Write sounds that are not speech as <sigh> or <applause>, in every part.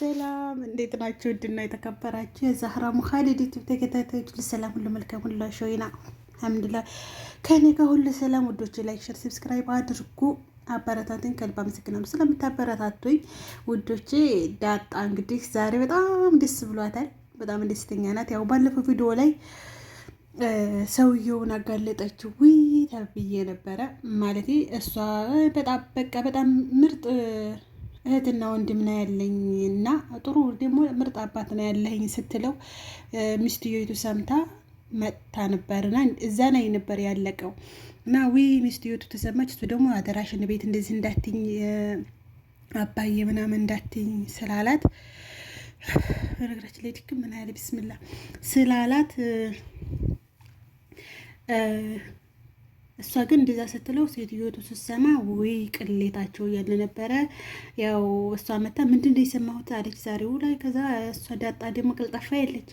ሰላም እንዴት ናችሁ? ውድና የተከበራችሁ የዛህራ ሙካሊድ ዩቲዩብ ተከታታዮች ሁሉ ሁሉ መልካም፣ ሁሉ ሾይና አልሐምዱሊላህ ከኔ ጋር ሁሉ ሰላም። ውዶች ላይክ፣ ሸር፣ ሰብስክራይብ አድርጉ። አበረታትን ከልብ አመሰግናለሁ ስለምታበረታቱኝ ውዶቼ። ዳጣ እንግዲህ ዛሬ በጣም ደስ ብሏታል። በጣም ደስተኛ ናት። ያው ባለፈው ቪዲዮ ላይ ሰውየውን አጋለጠችው። ዊ ተብዬ ነበረ ማለት እሷ በጣም በቃ በጣም ምርጥ እህትና ወንድም ና ያለኝ እና ጥሩ ደግሞ ምርጥ አባት ና ያለኝ ስትለው ሚስትየቱ ሰምታ መጥታ ነበር እና እዛ ላይ ነበር ያለቀው። እና ዊ ሚስትየቱ ተሰማች። እሱ ደግሞ አደራሽን ቤት እንደዚህ እንዳትኝ አባዬ ምናምን እንዳትኝ ስላላት በነገራችን ላይ ድክም ምን ያለ ቢስሚላ ስላላት እሷ ግን እንደዛ ስትለው ሴትዮቱ ስትሰማ ወይ ቅሌታቸው እያለ ነበረ። ያው እሷ መታ ምንድን ነው የሰማሁት አለች ዛሬው ላይ። ከዛ እሷ ዳጣ ደግሞ ቅልጣፋ ያለች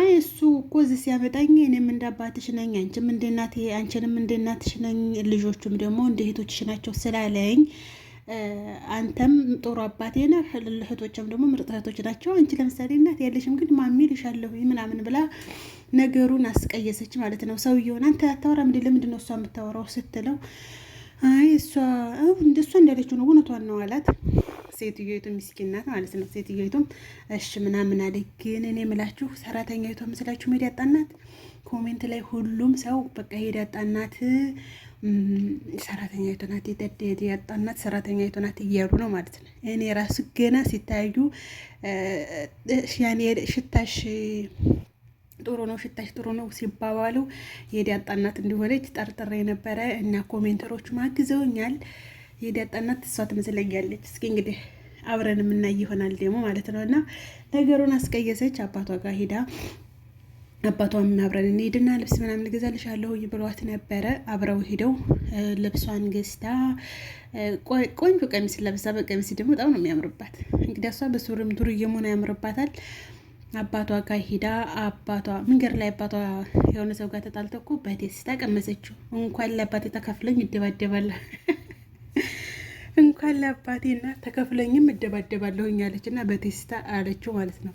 አይ እሱ እኮ እዚህ ሲያመጣኝ እኔም እንዳባትሽ ነኝ፣ አንቺም እንደናት አንቺንም እንደናትሽ ነኝ፣ ልጆቹም ደግሞ እንደ እህቶችሽ ናቸው ስላለኝ አንተም ጥሩ አባቴ ነህ፣ እህቶችም ደግሞ ምርጥ እህቶች ናቸው። አንቺ ለምሳሌ እናት ያለሽም ግን ማሚ ልሻለሁ ምናምን ብላ ነገሩን አስቀየሰች ማለት ነው። ሰውየውን አንተ አታወራም እንዴ? ለምንድን ነው እሷ የምታወራው ስትለው አይ እሷ እንደ እሷ እንዳለችው ነው እውነቷን ነው አላት። ሴትዮቱ ምስኪን ማለት ነው። ሴትዮቱም እሺ ምናምን አለ። ግን እኔ ምላችሁ ሰራተኛዊቷ ምስላችሁ ሜዳ ያጣናት ኮሜንት ላይ ሁሉም ሰው በቃ ሄድ ያጣናት ሰራተኛ ናት የጠደድ ያጣናት ሰራተኛ ናት እያሉ ነው ማለት ነው። እኔ ራሱ ገና ሲታዩ ያኔ ሽታሽ ጥሩ ነው ሽታሽ ጥሩ ነው ሲባባሉ የዳጣ እናት እንዲሆነች ጠርጥሬ የነበረ እና ኮሜንተሮቹ አግዘውኛል። የዳጣ እናት እሷ ትመስለኛለች። እስኪ እንግዲህ አብረን የምናይ ይሆናል ደግሞ ማለት ነው። እና ነገሩን አስቀየሰች። አባቷ ጋር ሄዳ አባቷም አብረን እንሄድና ልብስ ምናምን እገዛልሻለሁ ብሏት ነበረ። አብረው ሄደው ልብሷን ገዝታ ቆንጆ ቀሚስ ለብሳ፣ በቀሚስ ደግሞ በጣም ነው የሚያምርባት። እንግዲህ እሷ በሱሪም ዱርዬ መሆን ያምርባታል። አባቷ ጋር ሄዳ አባቷ መንገድ ላይ አባቷ የሆነ ሰው ጋር ተጣልተው እኮ በቴስታ ቀመሰችው። እንኳን ለአባቴ ተከፍለኝ ይደባደባለሁ <laughs> እንኳን ለአባቴና ተከፍለኝም እደባደባለሁኝ አለች እና በቴስታ አለችው ማለት ነው።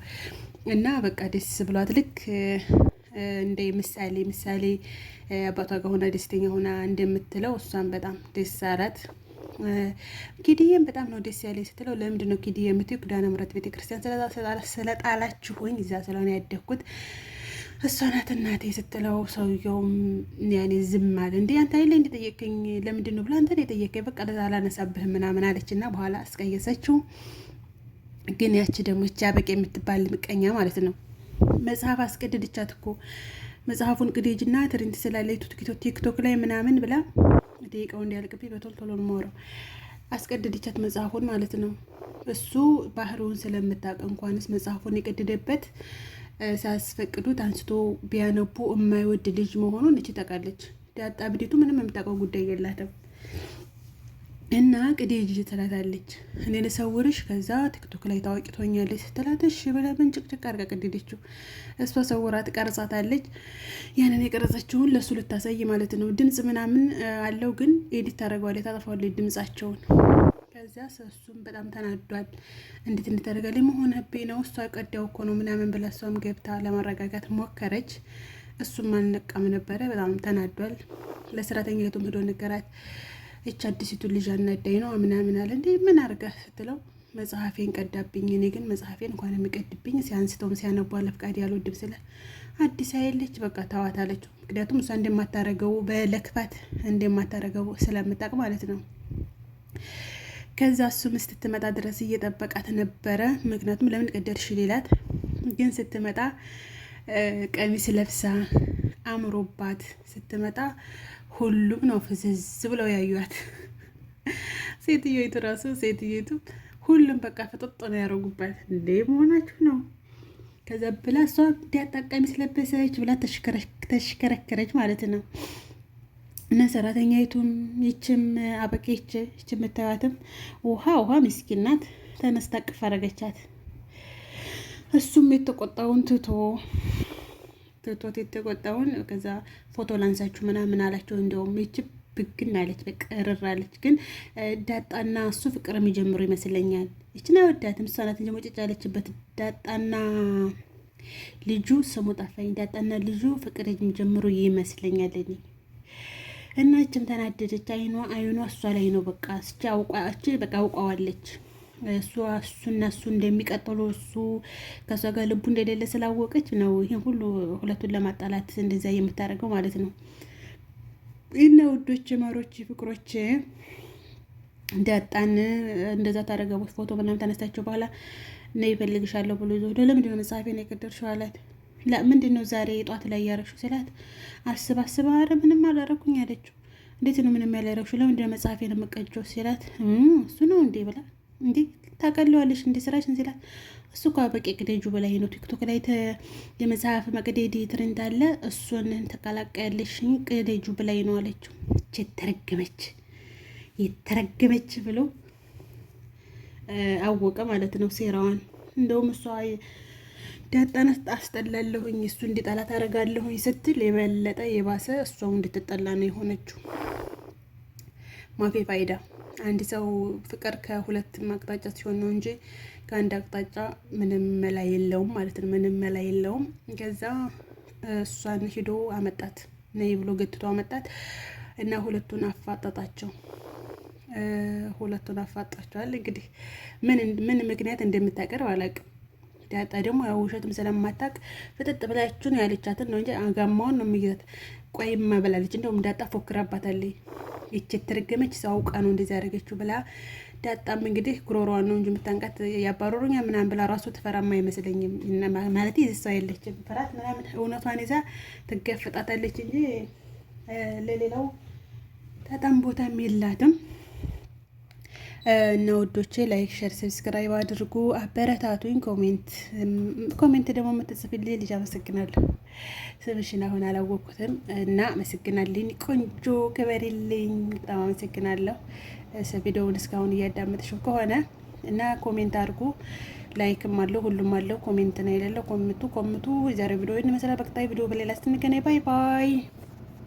እና በቃ ደስ ብሏት ልክ እንደ ምሳሌ ምሳሌ አባቷ ጋር ሆና ደስተኛ ሆና እንደምትለው እሷን በጣም ደስ አላት። ኪድዬም በጣም ነው ደስ ያለኝ ስትለው ለምንድን ነው ኪድዬ የምትይው ኪዳነ ምሕረት ቤተክርስቲያን ስለጣላችሁኝ እዛ ስለሆነ ያደግኩት እሷ ናት እናቴ ስትለው ሰውየውም ያኔ ዝም አለ። እንዴ አንተ ላይ እንደጠየቀኝ ለምንድን ነው ብላ አንተ የጠየቀኝ በቃ ለዛ አላነሳብህም ምናምን አለች እና በኋላ አስቀየሰችው። ግን ያቺ ደግሞ እቻ አበቅ የምትባል ምቀኛ ማለት ነው መጽሐፍ አስቀድድቻት እኮ መጽሐፉን ቅዴጅና ትሪንት ስላለይቱ ቲክቶክ ላይ ምናምን ብላ ደቂቃው እንዲያልቅብኝ በቶሎ ቶሎ አስቀድድቻት መጽሐፉን ማለት ነው። እሱ ባህሪውን ስለምታውቅ እንኳንስ መጽሐፉን የቀደደበት ሳያስፈቅዱት አንስቶ ቢያነቡ የማይወድ ልጅ መሆኑን እች ታውቃለች። ዳጣ ብዴቱ ምንም የምታውቀው ጉዳይ የላትም። እና ቅዴ ጅጅ ትላታለች። እኔ ልሰውርሽ ከዛ ቲክቶክ ላይ ታዋቂ ትሆኛለች ስትላትሽ እሺ ምን ጭቅጭቅ አድርጋ ቅድደችው። እሷ ሰውራት ትቀርጻታለች። ያንን የቀረጸችውን ለእሱ ልታሳይ ማለት ነው። ድምፅ ምናምን አለው ግን ኤዲት ታደርገዋለች፣ ታጠፋዋለች ድምፃቸውን። ከዚያ እሱም በጣም ተናዷል። እንዴት እንድታደርጋለች መሆን ህቤ ነው እሷ ቀዳው እኮ ነው ምናምን ብላ እሷም ገብታ ለማረጋጋት ሞከረች። እሱም አልነቃም ነበረ። በጣም ተናዷል። ለሰራተኛ ቤቱም ሄዶ ነገራት። እች አዲሲቱ ልጅ አናዳኝ ነው ምናምን አለ። እንዴ ምን አርገህ ስትለው መጽሐፌን ቀዳብኝ። እኔ ግን መጽሐፌን እንኳን የሚቀድብኝ ሲያንስተውም ሲያነቡ ለፍቃድ ያልወድም ስለ አዲስ አይለች በቃ ተዋት አለችው። ምክንያቱም እሷ እንደማታረገው በለክፋት እንደማታረገው ስለምታውቅ ማለት ነው። ከዛ እሱም ስትመጣ ድረስ እየጠበቃት ነበረ። ምክንያቱም ለምን ቀደድሽ ሌላት ግን ስትመጣ ቀሚስ ለብሳ አምሮባት ስትመጣ ሁሉም ነው ፍዝዝ ብለው ያዩት። <laughs> ሴትዮቱ ራሱ ሴትዮቱ ሁሉም በቃ ፍጥጦ ነው ያደረጉባት። እንዴ መሆናችሁ ነው። ከዛ ብላ እሷ እንዲያጣቃሚ ስለበሰች ብላ ተሽከረከረች ማለት ነው። እና ሰራተኛይቱም ይችም አበቄች ይች የምታዩትም ውሃ ውሃ ምስኪናት ናት። ተነስታ ቅፍ እሱም የተቆጣውን ትቶ ትቶት የተቆጣውን ከዛ ፎቶ ላንሳችሁ ምናምን አላቸው። እንዲያውም ይችብ ብግን አለች፣ በቃ እርራለች። ግን ዳጣና እሱ ፍቅር የሚጀምሩ ይመስለኛል። ይችን አይወዳትም እሷ ናት እንጂ ሞጭጭ ያለችበት። ዳጣና ልጁ ስሙ ጠፋኝ። ዳጣና ልጁ ፍቅር የሚጀምሩ ይመስለኛል እኔ እና ይችም ተናደደች። አይኗ አይኗ እሷ ላይ ነው በቃ እስኪ አውቋ በቃ አውቋዋለች እሱ እሱ እነሱ እንደሚቀጥሉ እሱ ከእሷ ጋር ልቡ እንደሌለ ስላወቀች ነው ይህን ሁሉ ሁለቱን ለማጣላት እንደዚያ የምታደርገው ማለት ነው። እና ውዶች ማሮች ፍቅሮች ዳጣን እንደዛ ታደረገቦች ፎቶ ምናምን ተነስታቸው በኋላ እነ ይፈልግሻለሁ ብሎ ይዞ ሄዶ ለምንድን ነው መጽሐፌን የቀደድሽው አላት። ምንድን ነው ዛሬ ጠዋት ላይ ያረግሽው ስላት አስብ አስብ አረ ምንም አላረኩኝ አለችው። እንዴት ነው ምንም ያላረግሽው? ለምንድን ነው ነው የምቀጀው ሲላት እሱ ነው እንዴ ብላ እንዴ ታቀለዋለሽ እንደ ስራሽን ሲላት እሱ እኮ በቂ ቅደጁ በላይ ነው። ቲክቶክ ላይ የመጽሐፍ መቅደድ ትሬንድ አለ። እሱን ተቀላቀያለሽን ቅደጁ በላይ ነው አለችው። እች የተረገመች የተረገመች ብሎ አወቀ ማለት ነው ሴራዋን። እንደውም እሷ ዳጣን አስጠላለሁኝ እሱ እንዲጠላት ታደርጋለሁኝ ስትል የበለጠ የባሰ እሷው እንድትጠላ ነው የሆነችው። ማፌ ፋይዳ አንድ ሰው ፍቅር ከሁለት አቅጣጫ ሲሆን ነው እንጂ ከአንድ አቅጣጫ ምንም መላ የለውም ማለት ነው። ምንም መላ የለውም። ከዛ እሷን ሂዶ አመጣት፣ ነይ ብሎ ገትቶ አመጣት እና ሁለቱን አፋጠጣቸው። ሁለቱን አፋጣቸዋል። እንግዲህ ምን ምክንያት እንደምታቀርብ አላውቅም። ዳጣ ደግሞ ያው ውሸትም ስለማታውቅ ፍጥጥ ብላችሁን ያለቻትን ነው እንጂ አጋማውን ነው የሚይዛት። ቆይማ ብላለች። እንደውም ዳጣ ፎክራባታለች። ይች ትርገመች ሰው አውቃ ነው እንደዚህ ያደረገችው ብላ ዳጣም እንግዲህ ጉሮሮዋን ነው እንጂ የምታንቃት ያባረሩኛ ምናምን ብላ ራሱ ትፈራማ አይመስለኝም። ማለት ይህ ሰው የለችም ፍራት ምናምን እውነቷን ይዛ ትገፍጣታለች እንጂ ለሌላው በጣም ቦታም የላትም። እና ወዶቼ ላይክ ሸር ሰብስክራይብ አድርጉ፣ አበረታቱኝ። ኮሜንት ኮሜንት ደግሞ የምትጽፍልኝ ልጅ አመሰግናለሁ። ስምሽን አሁን አላወቅኩትም እና አመሰግናልኝ። ቆንጆ ክበሪልኝ። በጣም አመሰግናለሁ። ቪዲዮውን እስካሁን እያዳመጥሽው ከሆነ እና ኮሜንት አድርጉ። ላይክም አለው ሁሉም አለው። ኮሜንት ነው የሌለው። ኮምቱ ኮምቱ። የዛሬ ቪዲዮ ይመስላል። በቀጣይ ቪዲዮ በሌላ ስትንገናኝ ባይ ባይ።